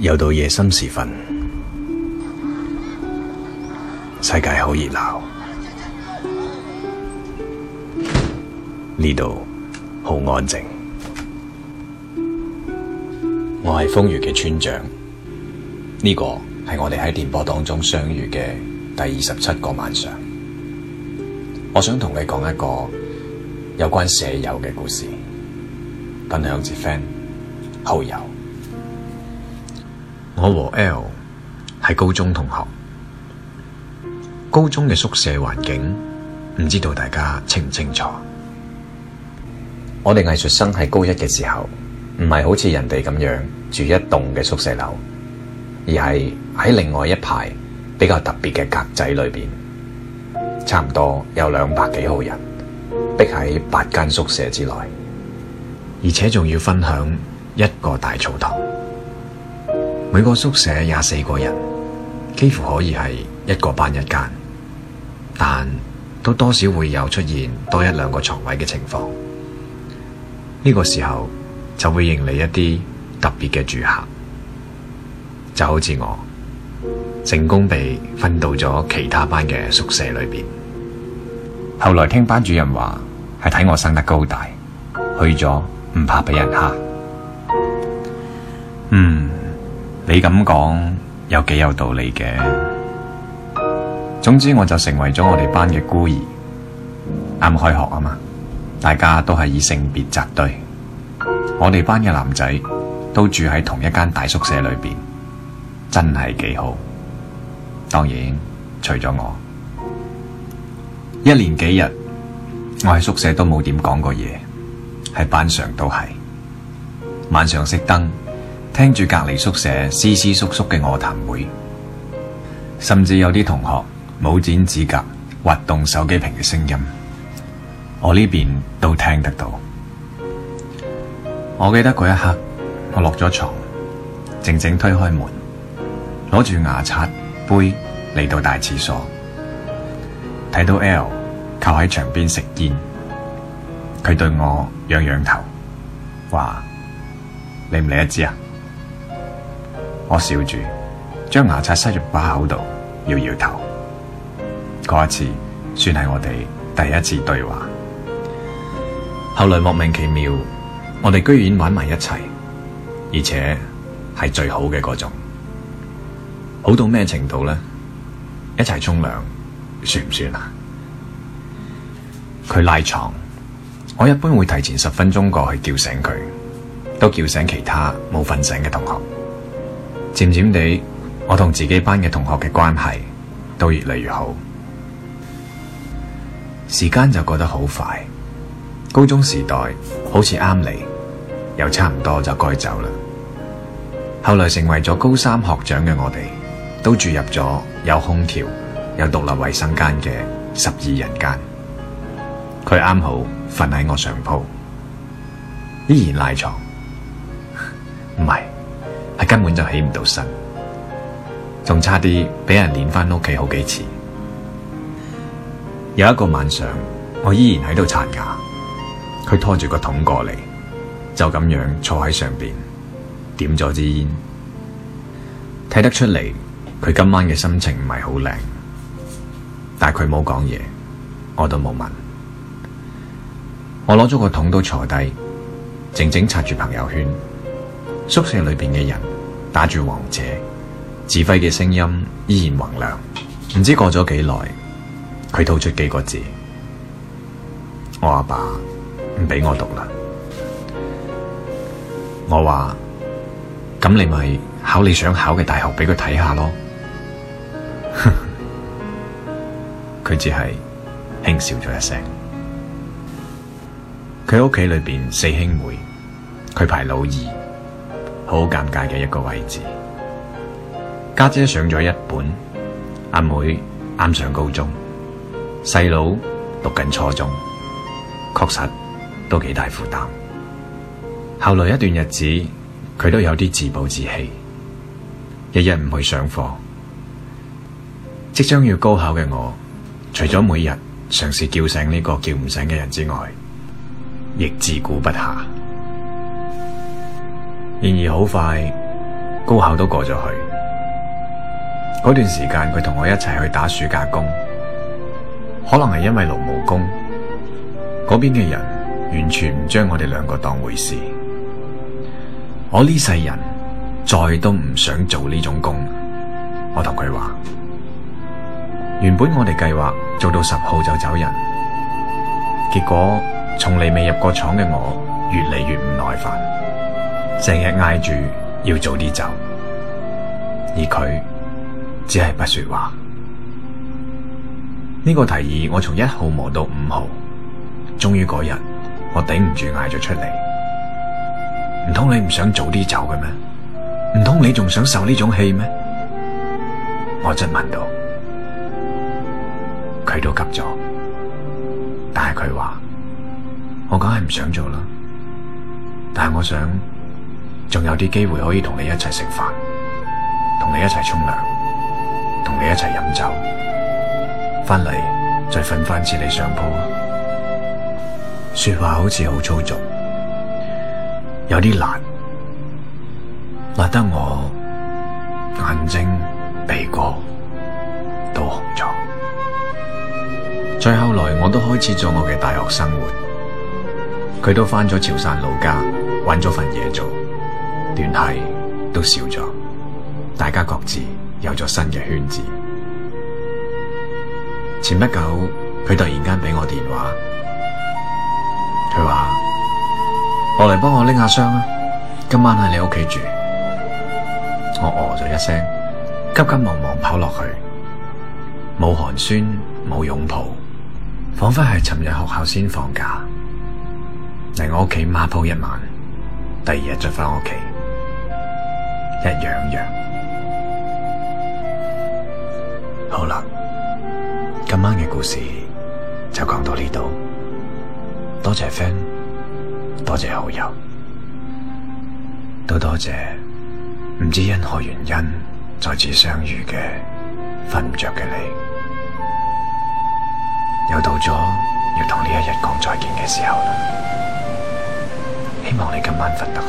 又到夜深時分，世界好熱鬧，呢度好安靜。我係瘋粵嘅村長，呢個係我哋喺電波當中相遇嘅第二十七個晚上。我想同你講一個有關舍友嘅故事，分享自 FAN 浩優。我和 L 係高中同學，高中嘅宿舍環境唔知道大家清唔清楚。我哋藝術生喺高一嘅時候，唔係好似人哋咁樣住一棟嘅宿舍樓，而係喺另外一排比較特別嘅格仔裏邊，差唔多有兩百幾號人，逼喺八間宿舍之內，而且仲要分享一個大澡堂。每個宿舍廿四個人，幾乎可以係一個班一間，但都多少會有出現多一兩個床位嘅情況。呢個時候就會迎嚟一啲特別嘅住客，就好似我成功被分到咗其他班嘅宿舍裏邊。後來聽班主任話，係睇我生得高大，去咗唔怕俾人蝦。你咁講有幾有道理嘅？總之我就成為咗我哋班嘅孤兒。啱開學啊嘛，大家都係以性別扎堆。我哋班嘅男仔都住喺同一間大宿舍裏邊，真係幾好。當然，除咗我，一連幾日我喺宿舍都冇點講過嘢，係班上都係。晚上熄燈。聽住隔離宿舍窸窸窣窣嘅臥談會，甚至有啲同學冇剪指甲，滑動手機屏嘅聲音，我呢邊都聽得到。我記得嗰一刻，我落咗床，靜靜推開門，攞住牙刷杯嚟到大廁所，睇到 L 靠喺牆邊食煙，佢對我仰仰頭，話：嚟唔嚟一支啊？我笑住將牙刷塞入把口度，搖搖頭。嗰一次算係我哋第一次對話。後來莫名其妙，我哋居然玩埋一齊,而且係最好嘅嗰種。好到咩程度咧？一齊沖涼算唔算啊？佢賴床，我一般會提前十分鐘過去叫醒佢，都叫醒其他冇瞓醒嘅同學。漸漸地，我同自己班嘅同學嘅關係都越嚟越好。時間就過得好快，高中時代好似啱嚟，又差唔多就該走啦。後來成為咗高三學長嘅我哋，都住入咗有空調、有獨立衛生間嘅十二人間。佢啱好瞓喺我上鋪，依然賴床，唔 係。係根本就起唔到身，仲差啲俾人攆翻屋企好幾次。有一個晚上，我依然喺度刷牙，佢拖住個桶過嚟，就咁樣坐喺上邊，點咗支煙，睇得出嚟佢今晚嘅心情唔係好靚，但係佢冇講嘢，我都冇問。我攞咗個桶都坐低，靜靜刷住朋友圈。宿舍裏邊嘅人打住王者，指揮嘅聲音依然洪亮。唔知過咗幾耐，佢吐出幾個字：我阿爸唔俾我讀啦。我話：咁你咪考你想考嘅大學俾佢睇下咯。佢 只係輕笑咗一聲。佢屋企裏邊四兄妹，佢排老二。好尷尬嘅一個位置，家姐上咗一本，阿妹啱上高中，細佬讀緊初中，確實都幾大負擔。後來一段日子，佢都有啲自暴自棄，日日唔去上課。即將要高考嘅我，除咗每日嘗試叫醒呢個叫唔醒嘅人之外，亦自顧不暇。然而好快，高考都過咗去。嗰段時間佢同我一齊去打暑假工，可能係因為勞務工嗰邊嘅人完全唔將我哋兩個當回事。我呢世人再都唔想做呢種工，我同佢話：原本我哋計劃做到十號就走人，結果從嚟未入過廠嘅我越嚟越唔耐煩。成日嗌住要早啲走，而佢只係不說話。呢、這個提議我從一號磨到五號，終於嗰日我頂唔住嗌咗出嚟。唔通你唔想早啲走嘅咩？唔通你仲想受呢種氣咩？我質問到，佢都急咗，但係佢話，我梗係唔想做啦，但係我想。仲有啲機會可以同你一齊食飯，同你一齊沖涼，同你一齊飲酒，翻嚟再瞓翻次你上鋪。說話好似好粗俗，有啲辣，辣得我眼睛鼻哥都紅咗。再後來我都開始咗我嘅大學生活，佢都翻咗潮汕老家揾咗份嘢做。聯繫都少咗，大家各自有咗新嘅圈子。前不久，佢突然間俾我電話，佢話：我嚟幫我拎下箱啊，今晚喺你屋企住。我哦、呃、咗一聲，急急忙忙跑落去，冇寒暄，冇擁抱，仿佛係尋日學校先放假嚟我屋企孖鋪一晚，第二日再返屋企。一樣樣，好啦，今晚嘅故事就講到呢度，多謝 FAN，多謝好友，都多，多謝唔知因何原因再次相遇嘅、瞓唔着嘅你，又到咗要同呢一日講再見嘅時候啦，希望你今晚瞓得好。